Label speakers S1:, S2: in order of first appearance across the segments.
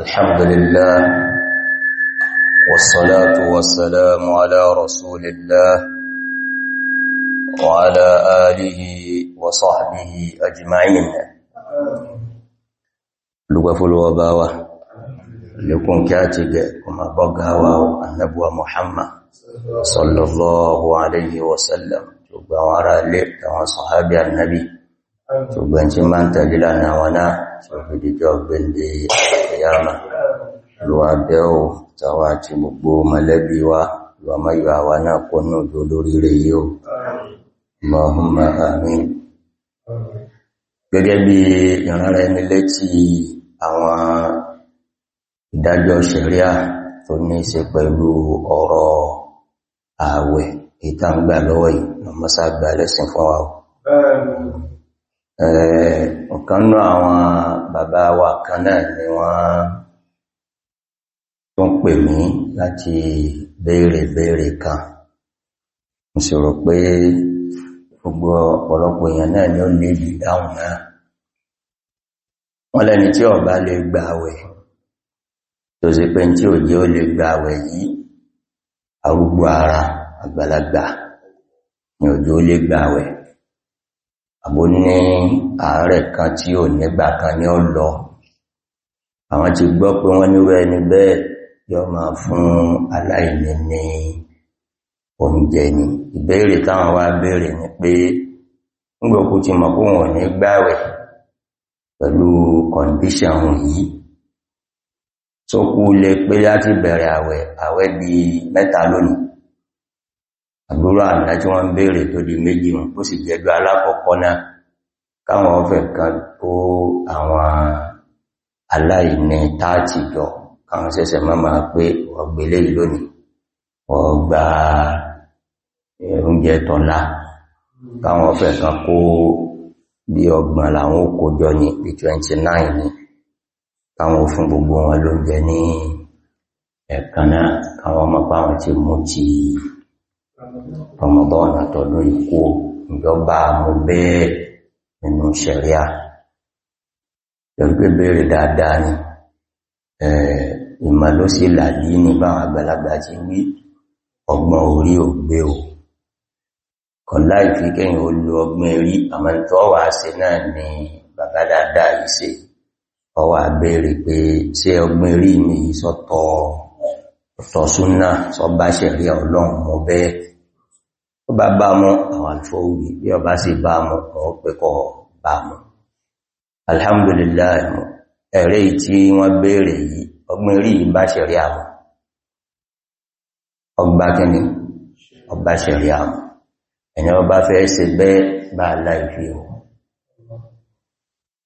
S1: الحمد لله والصلاة والسلام على رسول الله وعلى آله وصحبه أجمعين لغف الوباوة لكم كاتب كما بقهوا النبوة محمد صلى الله عليه وسلم تبقى وراء لك وصحابي النبي تبقى انت من تجلنا ونا تبقى جواب بندي al-qiyamah lùwà bẹ́ ò tàwà àti gbogbo mọ̀lẹ́bí wa lùwà mọ́yọ̀ àwa náà kó náà amin gẹ́gẹ́ bí ìran rẹ̀ ní létí àwọn ìdájọ́ ṣẹ̀ríà tó ní ṣe pẹ̀lú ọ̀rọ̀ ààwẹ̀ ìta ń gbà lọ́wọ́ yìí mọ́sá gbà lẹ́sìn fún wa ọ̀kan náà àwọn bàbá wa kan náà ni wọ́n tó ń pè mí láti béèrè béèrè kan mo sì rò pé gbogbo ọ̀pọ̀lọpọ̀ èèyàn náà ni ó ní ìdáhùn náà wọ́n lẹ́ni tí ọ̀bá lè gba àwẹ̀ tó sì pé tí ò ó lè gba àwẹ̀ yìí arúgbó ara àgbàlagbà ni òjò ó lè gba àwẹ̀ àbó ní ààrẹ kan tí ò nígbà kan ní ó lọ àwọn ti gbọ́ pé wọ́n níwẹ̀ ẹni bẹ́ẹ̀ yọ máa fún aláìní ní oúnjẹ ni ìbéèrè táwọn wá béèrè ni pé ńgbòkú ti mọ̀ pé wọn ò ní gbàwẹ̀ pẹ̀lú kọ̀ǹdíṣàn yìí tó kú lè pé láti bẹ̀rẹ̀ àwẹ̀ àwẹ̀ bíi mẹ́ta lónìí àgbúrò àná tí wọ́n ń bèèrè tó di méjì wọn bó sì jẹ́jọ́ alákọ̀ọ́kọ́ náà káwọn ọ̀fẹ́ kan kó àwọn aláìní táàtì jọ káwọn sẹ́sẹ̀ máa máa pé ọgbẹ̀lé lónìí ọgbà oúnjẹ tọ́lá káwọn ọ̀fẹ́ kan kó bí ọgbọ̀n làwọn kó jọ ní bí 29 ní káwọn fún gbogbo wọn ọmọ pàwọn ti mú ti Ramadan àtọ̀dún ikú ìjọba mú bẹ́ẹ̀ nínú ṣẹ̀ríà. Ẹgbẹ́ bèèrè dáadáa ni, ìmọ̀ ló sí làdí ní báwọn àgbàlagbà ti wí ọgbọ́n orí ògbé o. Kọ̀lá ìfikẹ́yìn ó lo ọgbọ́n orí, àmọ́ tó wà sí ni bàbá dáadáa ìṣe. Ọwà bèèrè pé Se ọgbọ́n orí ni soto, súnà sọ bá ṣẹ̀ríà ọlọ́run mọ́ ọba bá mọ́ àwọn alfọ́wí bí ọba sì bá mọ́ àwọn pẹ̀kọ́ bá mọ́ alhamdulillah ẹ̀rẹ́ tí wọ́n bèèrè yìí ọgbìn rí ìbá ṣẹ̀rí àwọn ọgbà kẹni ọba ṣẹ̀rí àwọn ẹ̀yàn ọba fẹ́ ṣe bẹ́ bá láìfí o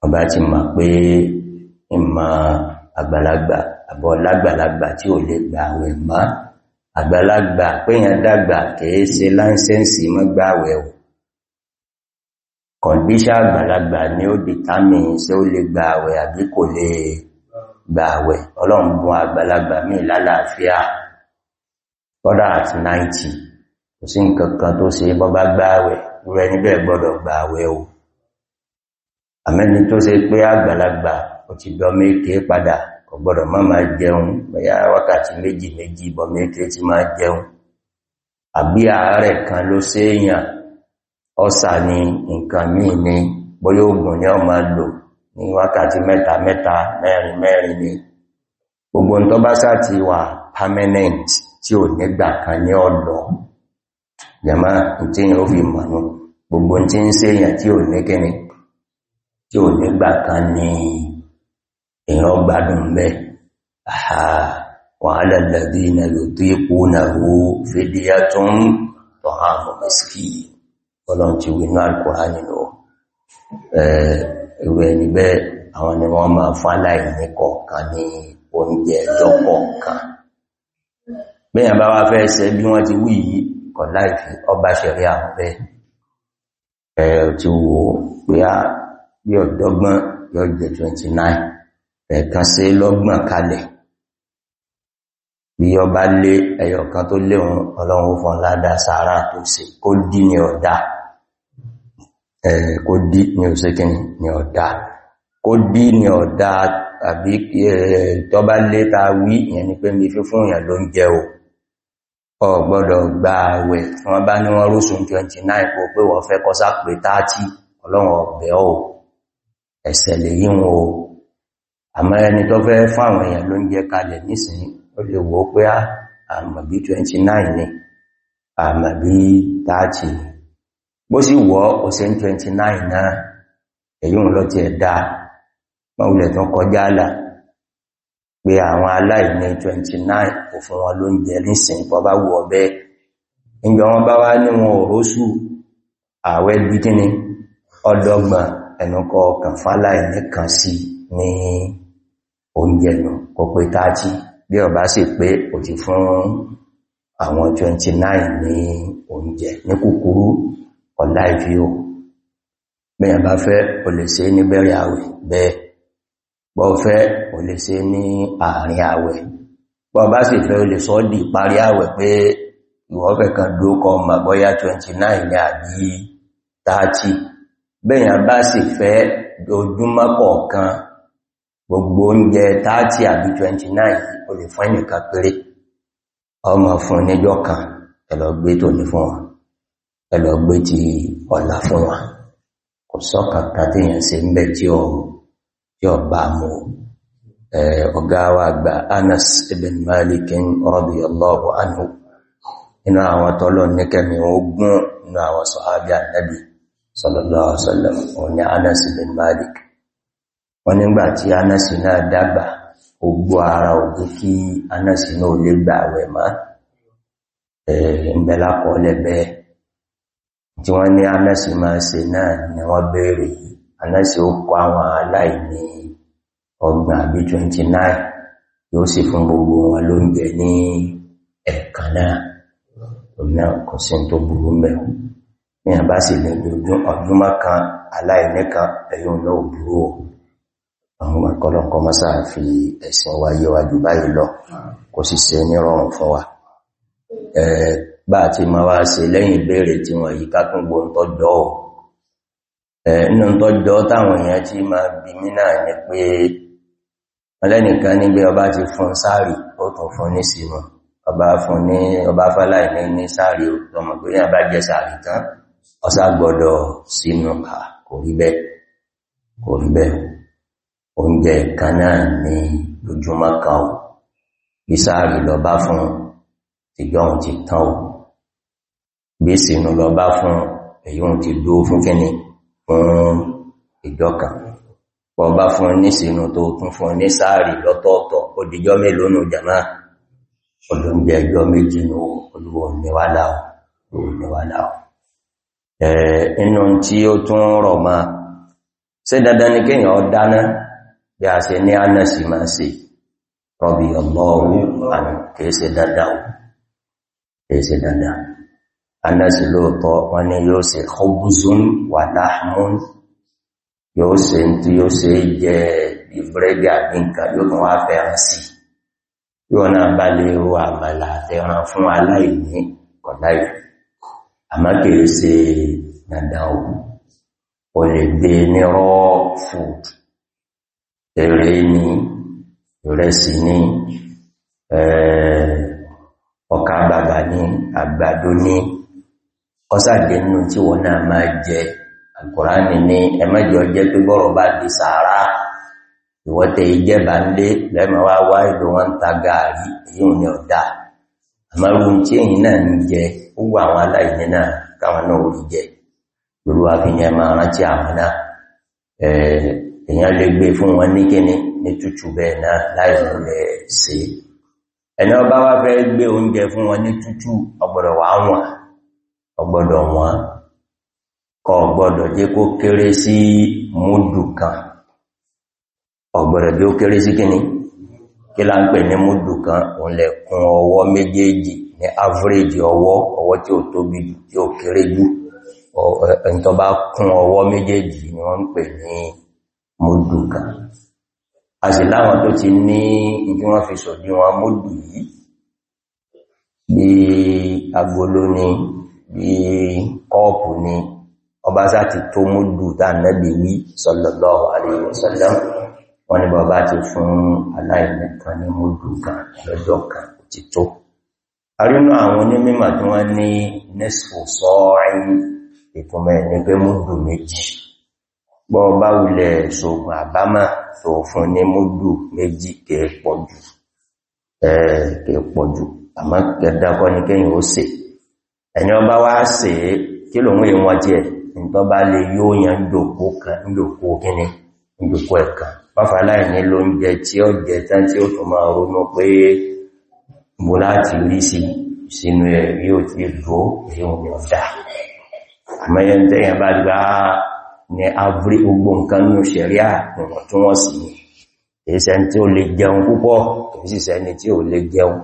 S1: ọba ti mọ̀ pé ìmọ̀ àgbàlagbà àbọ̀ tí ò lè gbà àwẹ̀ máa àgbàlagbà péyàn dàgbà kìí ṣe láńsẹ́ǹsì mọ́gbàwẹ̀ o kọ̀díṣà àgbàlagbà ni ó dìtàmì ṣé ó lè gbàwẹ̀ àbí kò lè gbàwẹ̀ ọlọ́mbùn àgbàlagbà mí lálàáfíà kọ́dá àti 90 kò sí nǹkan kan tó ṣe bọ́bá gbàwẹ̀ rẹ̀ níbẹ̀ gbọ́dọ̀ gbàwẹ̀ o àmẹ́ni tó ṣe pé àgbàlagbà ò ti dọ́ méèké padà ọ̀gbọ́dọ̀ má máa jẹun bóyá wákàtí méjì méjì bọ́ mẹ́kẹ́ tí máa jẹun àbí ààrẹ kan ló séèyàn ọ́sà ni nǹkan míì ni bóyá oògùn ni ọ máa lò ní wákàtí mẹ́ta mẹ́ta mẹ́rin mẹ́rin ni gbogbo tó bá sá ti wà permanent tí ò nígbà kan ní ọ̀dọ̀ yàmá tí yàn ó fi mọ̀nú gbogbo tí ń séèyàn tí ò ní kíni tí ò nígbà kan ní èèyàn gbádùn mẹ́ وعلى الذين يطيقونه فدية طعام مسكين ọlọ́run ti wínú alkùnrin nínú ẹ̀wẹ̀ bẹ́ẹ̀, àwọn ni wọ́n máa kọ̀ọ̀kan ní oúnjẹ ẹjọ́ kọ̀ọ̀kan bẹ́yàn bá wá fẹ́ bí wọ́n ti wí yìí kọ̀ láìfi ọba ṣẹ̀rí ẹ̀ ti wo pé ah, bí ọ̀dọ́gbọ́n ẹ̀kan sí lọ́gbọ̀n kalẹ̀ bí ọ bá lé ẹyọkan tó léhun ọlọ́run fún ládá sàárà tó ṣe kó dí ní ọ̀dá kó dí ní òsèkín ní ọ̀dá kó dí ní ọ̀dá àbí tó bá lé ta wí ìyẹn ni pé mi fi fún ìyàn ló ń jẹ o ọ gbọ́dọ̀ gba àwẹ̀ tí wọ́n bá ní wọ́n rúsùn 29 kò pé wọ́n fẹ́ kọ́sá pé 30 ọlọ́run ọ̀bẹ̀ ọ̀ ẹ̀sẹ̀ lèyí wọn o àmọ́ ẹni tó fẹ́ fáwọn èèyàn ló ń jẹ kalẹ̀ nísìn ó lè wò ó pé àmọ́ ah, bí 29 ni àmọ́ bí 30 bó sì wọ́ òsè 29 náà èyí ń ti ẹ̀dá mọ́wulẹ̀ tó kọjá àlà pé àwọn aláìní 29 kò wọn ló ń jẹ nísìn kọ bá wù ọbẹ̀ ìjọ wọn bá wá ní wọn òrósù àwẹ́ dídíní ọdọ́gbọ̀n ẹnukọ kànfàlà ẹ̀mí kan sí ní oúnjẹ nù kò pé táàtì bí ọba sì pé ò ti fún àwọn 29 ní oúnjẹ ní kúkúrú ọ̀lá ìfi o bẹ́yàn bá fẹ́ o lè ṣe ní bẹ̀rẹ̀ àwẹ̀ bẹ́ẹ̀ bọ́ fẹ́ o lè ṣe ní àárín àwẹ̀ bọ́ bá sì fẹ́ o lè sọ di parí àwẹ̀ pé ìwọ́fẹ́ kan dókọ màbọ́yá 29 ní àbí 30 bẹ́yàn bá sì fẹ́ ojúmọ́ kọ̀ọ̀kan gbogbo oúnjẹ 30 àbí 29 o lè fún ẹnìkan péré ọmọ fún níjọ́ kan ẹlọ gbé tó ní fún wa ẹlọ gbé ti ọ̀la fún wa kò sọ́kàkà tí yẹn ń bẹ tí ọ bá mú ọgá wa Anas ibn Malik radiyallahu anhu inú àwọn tọ́lọ̀ níkẹmi ogun inú àwọn sọ̀hábí Ànábì sallallahu alaihi wasallam òní Anas ibn Malik wọ́n nígbà tí anásì náà dàgbà ogbó ara ògbé kí anásì náà lè gbà àwẹ̀ má ẹ̀ẹ̀mẹ́lá kọ́ lẹ́bẹ̀ tí wọ́n ní anásì máa ṣe náà ni wọ́n bèèrè ó kọ́ àwọn aláìní 29 yóò sì gbogbo wọn lóúnjẹ ní ẹ̀ẹ̀kan náà òmìnà kò sí tó burú ní àwọn ọmọkọ́lọ́kọ́ mọ́sá fi ẹ̀sìn wa yé wa jù báyìí lọ kò sì ṣe ní rọrùn fún wa bá ti ma wá ṣe lẹ́yìn ìbéèrè tí wọ́n yí kátún tọ́jọ́ inú tọ́jọ́ táwọn èèyàn tí ma bí mí náà ní pé ọlẹ́nìkan nígbé ọba ti fún sáàrì ó tún fún ní sínú ọba fún ní ọba fáláì ní ní sáàrì ọmọ pé yàn bá jẹ sáàrì tán ọsá kò rí bẹ́ẹ̀ kò rí bẹ́ẹ̀ oúnjẹ kan náà ní lójúmọ́ kan ò bí sáàrì lọ bá fún tìjọ́hun ti tán ò bí sínú lọ bá fún èyíhun ti dúó fún kíni fún ìjọ́kà pọ̀ bá fún ní sínú tó tún fún ní sáàrì lọ́tọ̀ọ̀tọ̀ ó mélòó nù jàmá olóúnjẹ ẹjọ́ méjì ní olúwọ̀ níwádà ò inú tí ó tún rọ̀ máa ṣé dandan ni kéèyàn dáná bí a ṣe ní anẹ́sì máa ṣe rọ́bì ọlọ́run kèése dáadáa kèése dáadáa anẹ́sì lóòtọ́ wọ́n ní yóò ṣe ọgbúzún wà láàmún yóò ṣe tí yóò ṣe jẹ ìbúrẹ́dì àgbínkà yóò tún wá fẹ́ràn sí yóò náà bá lè ro àmàlà àtẹran fún aláìní kọ̀láì àmá kèése dáadáa o lè gbé ní raw food èrè ni ìrẹsì ni eh, ọkà bàbà ní àgbàdo ní kọ́sàdé nínú tí wọ́n náà máa jẹ àkùránì ní ẹmẹ́jọ jẹ́ pé bọ́rọ̀ bá di sàárá ìwọ́tẹ̀ ìjẹba ń lé lẹ́mọ̀ wá wá ìlú wọn ta gàárì èyí ni ọ̀dá àmárùn tí èyí náà ń jẹ gbogbo àwọn aláìní náà káwọn náà orí jẹ lórí àfihàn máa rántí àwọn náà eh, èyàn lè gbé fún wọn ní kíni ní tútù bẹ́ẹ̀ náà láì múlẹ̀ sí ẹni ọba wá fẹ́ gbé oúnjẹ fún wọn ní tútù ọgbọ̀dọ̀ wà wọn ọgbọ̀dọ̀ wọn kò gbọdọ̀ jẹ́ kó kéré sí múdù kan ọgbọ̀dọ̀ jẹ́ ó kéré sí kíni kí la ń pè ní múdù kan òun ọwọ́ méjèèjì ní average ọwọ́ ọwọ́ tí ó tóbi tí ó kéré jù ẹni bá kún ọwọ́ méjèèjì ni wọ́n ń pè ní mọ́dù kan a sì láwọn tó ti ní ìdí wọ́n fi sọ̀dí wọn mọ́dù yìí bí agolo ni bí kọ́ọ̀pù ni ọba sá tó mọ́dù tá wí sallallahu alaihi wasallam wọ́n ní bàbá ti fún aláìní kan ní mọ́dù kan lọ́jọ́ kan ti tó
S2: arínú àwọn onímọ̀ tí wọ́n
S1: ní nesfo sọ́ọ̀rin bọ́ bá wulẹ̀ ṣògùn àbámà tó fún ní múdù méjì kẹ́ẹ̀pọ̀jù kẹ́ẹ̀pọ̀jù àmá kẹ́ẹ̀dàkọ́ ní kẹ́yìn ó sì ẹ̀yàn bá wá sè é kí lòun ìwọ̀n jẹ́ bá lè yóò yàn ló ń jẹ tí ó jẹ tán tí ó tún máa ẹ̀ ní avrí gbogbo nǹkan ní òṣèríà ọ̀rọ̀ tí wọ́n sì ní èsẹ́ tí ó lè jẹun púpọ̀ ìsìsẹ́ ni tí ó lè jẹun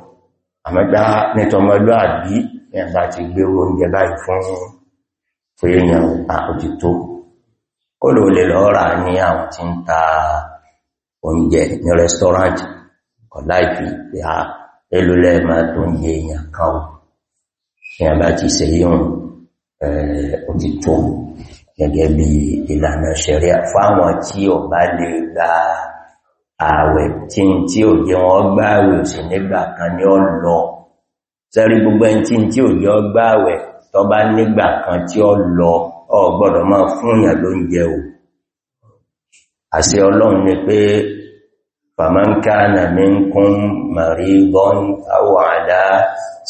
S1: àmọ́gbá nítọmọlú àbí ẹ̀bá ti gbé oúnjẹ báyìí fún fèèyàn àòtító
S2: ó lò lè lọ́ra ní
S1: àwọn tí ń ta oúnjẹ ní rẹ́stọ́rántì ọ̀lá ìfì ìhà elúlẹ̀ máa tó ń yẹ èèyàn kan ò ti ṣe yíò gẹ́gẹ́ bí ìlànà ṣẹ̀ríà fáwọn tí ò bá lè gba ààwẹ̀ tí n tí ò jẹ́ wọn gbá ààwẹ̀ ò nígbà kan ní ọ̀lọ́ sẹ́rí gbogbo ẹni tí n tí ò jẹ́ gbá ààwẹ̀ tó bá nígbà kan tí ó lọ ọ gbọ́dọ̀ máa fúnyàn ló ń jẹ ò àṣẹ ọlọ́run ni pé fàmánkánà ní kún maridon awàdá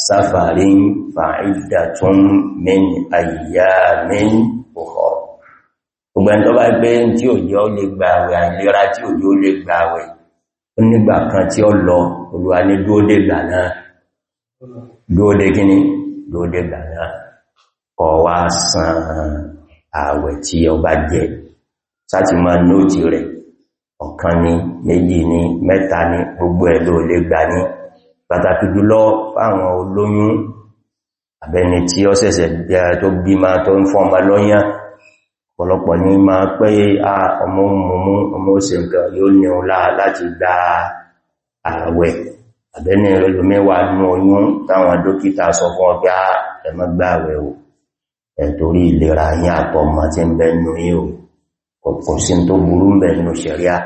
S1: sáfàrin fàídàtún min ayyamin ọ̀họ̀ gbogbo ẹni tó bá gbé tí òjò ó lè gba àwẹ̀ àìlera tí òjò ó lè gba àwẹ̀ ó nígbà kan tí ó lọ olúwa ní dúódé gbà náà dúódé kíní dúódé gbà náà kọ wá san àwẹ̀ tí ó bá jẹ sáti máa nóòtì rẹ̀ ọ̀kan ni méjì ni mẹ́ta ni gbogbo ẹ̀ ló lè gbà ní pàtàkì jùlọ fáwọn olóyún abẹni tí ó ṣẹ̀ṣẹ̀ bí i tó bí máa tó ń fọ́n ọmọ ọ̀pọ̀lọpọ̀ ní ma pé a ọmọ mọ̀mú ọmọ òsè nǹkan yóò ní ọlá láti gba ààwẹ̀ àbẹ́ni ẹlòmíwà ní oyún táwọn dókítà sọ fún ọgbá ẹmọ́ o ẹ̀torí ìlera yín àtọmọ tí ń bẹnu yí o kò sí tó burú bẹnu ṣẹ̀ríà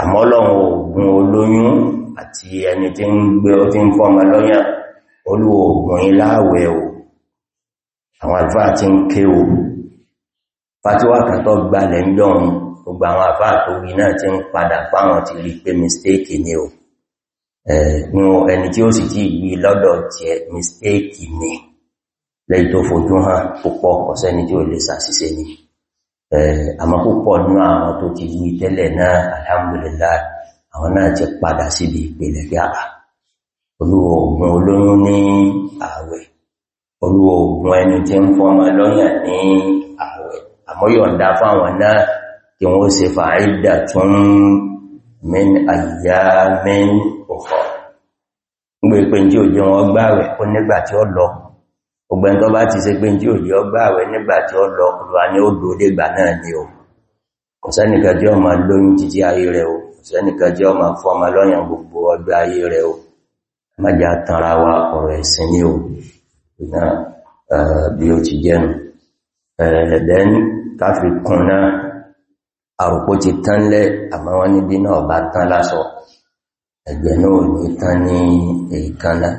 S1: àmọ́ oògùn olóyún àti ẹni fàtíwà kàtọ́ gbalẹ̀ ń dọ̀un gbogbo àwọn àfáà tó rí náà ti ń padà fáwọn ti rí pé mistake ni o ẹ̀nu ẹni tí ó sì ti wí lọ́dọ̀ jẹ́ mistake ni lẹ́yìn tó fojú hàn púpọ̀ ọ̀sẹ́ni tí ó lè sàṣìṣe ni àmọ́ púpọ̀ nú àwọn tó ti wí tẹ́lẹ̀ náà alhamdulillah àwọn náà ti padà síbi ìpìlẹ̀ yàrá olúwo ogun olóyún ní ààwẹ̀ olúwo ogun ẹni tí ń fọ́mọ lọ́yàn ní àmọ́yọ̀ǹda fáwọn náà kí wọ́n ṣe fàáìdà tún min àyà min ọ̀fọ́ gbé pé tí ò jẹ́ wọn gbáwẹ̀ ó nígbà tí ó lọ ọgbẹ̀n tó bá ti ṣe pé tí ò jẹ́ ọ gbáwẹ̀ nígbà tí ó lọ olùwà ni ó dòdé gbà náà ni o kò sẹ́nìkan jẹ́ ọmọ lóyún títí ayé rẹ̀ o kò ọmọ fọ́mọ lọ́yàn gbogbo ọgbẹ́ káfí kùn náà àrùkó ti tán lẹ́ àmọ́ wọ́n níbi náà bá tán lásọ ẹ̀gbẹ̀ náà ní tán ní èékánná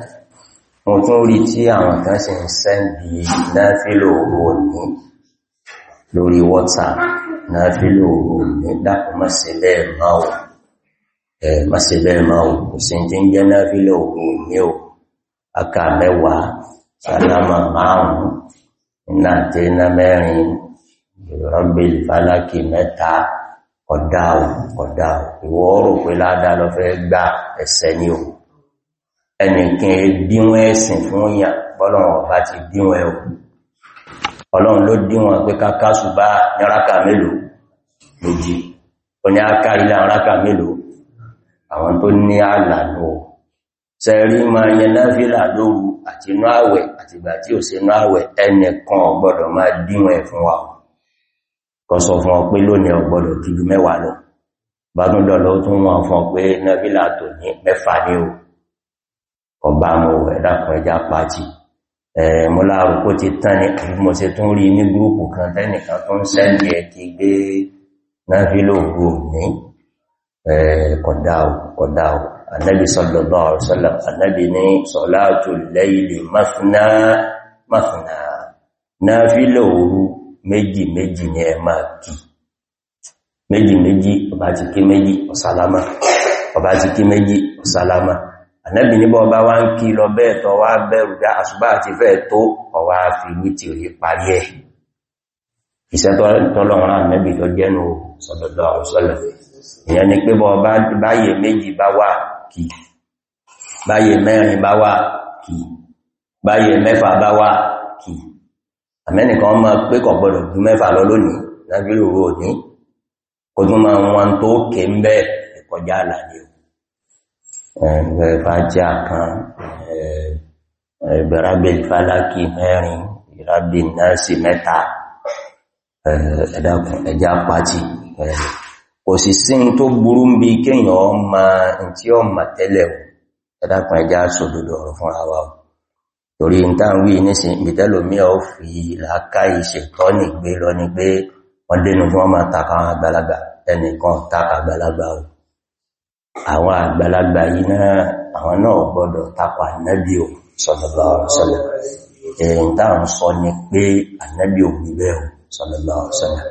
S1: mo tún rí tí àwọn kan sì ń sẹ́ndì náfílò òní lórí WhatsApp náfílò òní dákùn má ṣe bẹ́ẹ̀ máa wò ìrọ̀bìl fálákì mẹ́ta ọ̀dáhùn ọ̀dáhùn ìwọ rò pé ládá lọ fẹ́ gbà ẹ̀sẹ̀ ní o ẹnìkan díwọ̀n ẹ̀sìn fún yà bọ́lọ̀wọ̀n bá ti díwọ̀n ẹ̀ ọlọ́run ló díwọ̀n pé kákásù bá níraka mélòó méjì ó ní ákàrílà níraka mélòó àwọn tó ní àlànà sẹ́rí máa yẹn náfílà kọ sọ fún ọ pé lónìí ọgbọ́dọ̀ jùlọ mẹ́wàá lọ bá tún dọ̀lọ́ tún wọn fún ọ pé nẹ́bílà tó ní mẹ́fà ní o ọba mọ̀ ẹ̀dàkùn ẹja pàtì mọ́láàrù kó ti tán ní mo ṣe tún rí ní gúrùpù kan tẹ́nìkan tó ń méjì méjì ni ẹ máa kí méjì méjì ọba ti kí méjì ọ̀sálámà ọba ti kí méjì ọ̀sálámà ànábì níbọ̀ ọba wá ń kí lọ bẹ́ẹ̀ tọ́ wá bẹ̀rù dá àṣùbá àti fẹ́ tó ọwá fi wítì rí parí ẹ̀ iṣẹ́ tọ́lọ́run ànábì lọ jẹ́nu sọ̀dọ̀dọ̀ àwọ̀sọ́lẹ̀ ìyẹn ni àmẹ́nìkan máa pé kọ̀ gbọdọ̀ ju mẹ́fà lọ lónìí lábí òru òní kò tún máa wọn tó ké ń bẹ́ ìkọjá àlàyé ẹ̀fàjá kan ẹ̀bẹ̀rábẹ̀ ìfàlákì mẹ́rin ìrábì nọ́ọ̀sì mẹ́ta ẹ̀dàkùn ẹjá pàtì kò sì sí tó burú bí kéèyàn ọmọ tí ẹ̀dàkùn ẹjá sòdòdò ọ̀rọ̀ fúnra wa torí n tán wí nísìn ìtẹ́lòmí ọ fi ìlàkà ìṣètọ́ ní gbé lọ ní pé wọ́n dénú fún ọmọ àtàkà àwọn àgbàlagbà ẹnìkan tàkà àgbàlagbà o àwọn àgbàlagbà yìí náà àwọn náà gbọ́dọ̀ tàkà ànábì o sallallahu alaihi wasallam èyí táwọn sọ ni pé ànábì ò wí bẹ́ẹ̀ o sallallahu alaihi wasallam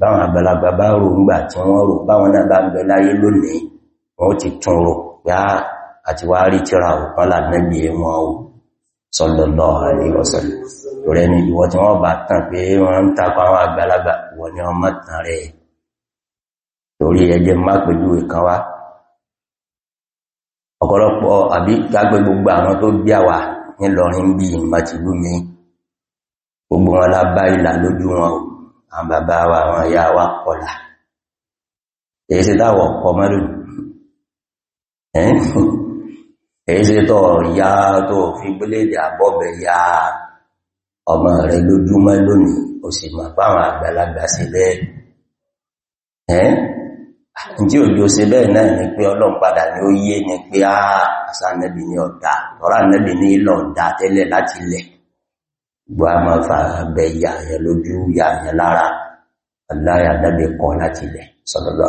S1: báwọn àgbàlagbà bá rò ń gbà tí wọ́n rò báwọn náà bá ń bẹ láyé lónìí wọ́n ti tún rò pé àti wá rí tíra nẹ́bí wọn o sallallahu alaihi wasallam rẹ̀ ni ìwọ tí wọ́n bá tàn pé wọ́n ń tapá àwọn àgbàlagbà wọ́n ni wọ́n mọ́tàn rẹ̀ torí ẹjẹ́ má pẹ̀lú ìkan wá ọ̀pọ̀lọpọ̀ àbí kágbé gbogbo àwọn tó bí àwà nílọrin bí ìmọ̀tìlú mi gbogbo wọn lábá ìlà lójú wọn àwọn bàbá wa àwọn ìyá wa kọlà èyí sí táwọ̀ ọ̀pọ̀ èyí ṣe ya tó fi gbélédè àbọ́bẹ̀ ya ọmọ rẹ̀ lójúmọ́ lónìí o sì mọ̀ fáwọn àgbàlagbà sí bẹ́ẹ̀ ẹ́n tí òjò sí bẹ́ẹ̀ náà ni pé ọlọ́mpadà ni ó yé ni pé á àsánẹ́bì ní ọ̀dá tọ́rà gbọ́ a máa fa abẹ́ ya yẹn lójú ya yẹn lára aláyà dábẹ́ kọ́ láti lẹ̀ sọ́dọ̀dọ̀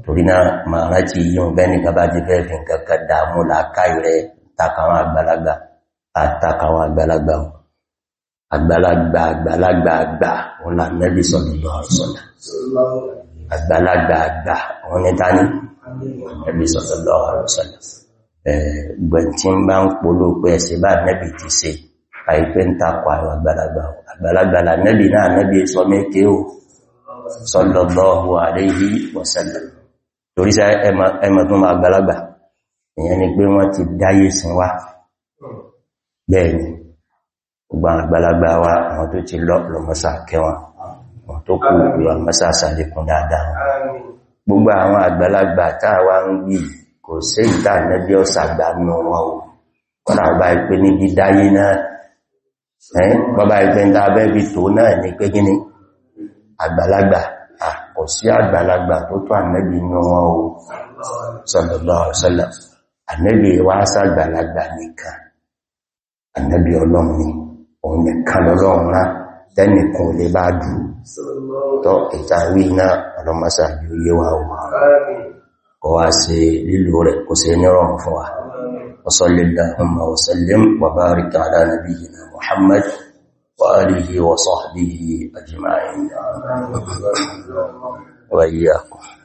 S1: torí náà ma rántí yíò bẹ́ni gaba ti fẹ́ fi nǹkan kan dámú làákàí rẹ̀ takàwọn àgbàlagbà àtakàwọn àgbàlagbà àgbàlagbà àgbàlagbà àgbà òun là nẹ́bí sọ̀lọ̀lọ̀ àrùsọ̀lá àgbàlagbà àgbà òun ní tání nẹ́bí sọ̀lọ̀lọ̀ àrùsọ̀lá gbẹ̀ntí ń bá ń polo pé ẹsẹ̀ bá nẹ́bí ti se àìpẹ́ ń takọ àwọn àgbàlagbà àgbàlagbà là nẹ́bí náà nẹ́bí sọ mẹ́kẹ́ ò sọ̀lọ̀lọ̀ àrùsọ̀lá torí sẹ́ ẹmọ̀ tó máa gbàlagbà èyàn ni pé wọ́n ti dáyé sin wá bẹ́ẹ̀ni gbogbo àgbàlagbà wa àwọn tó ti lọ lọ́mọ́sà kẹwọn àwọn tó kú lọ́mọ́sà sàlékún dáadáa gbogbo àwọn àgbàlagbà táàwà ń gbì kò sí ìta nẹ́bí ọ̀sàgbà nù wọn o kọ́nà ọba ìpé níbi dáyé náà ẹ́ bọ́bá ìpé ń dábẹ́ tó náà ní pé gíní àgbàlagbà kò sí àgbàlagbà tó tó ànẹ́bì ní wọn o sallallahu alaihi wasallam ànẹ́bì wá sàgbàlagbà nìkan ànẹ́bì ọlọ́run òun nìkan lọ́lọ́run rá tẹ́nìkan lè bá dù tọ́ ìtàwí náà ọlọ́mọsà bí ó وسلم وبارك على نبينا محمد وآله وصحبه أجمعين وإياكم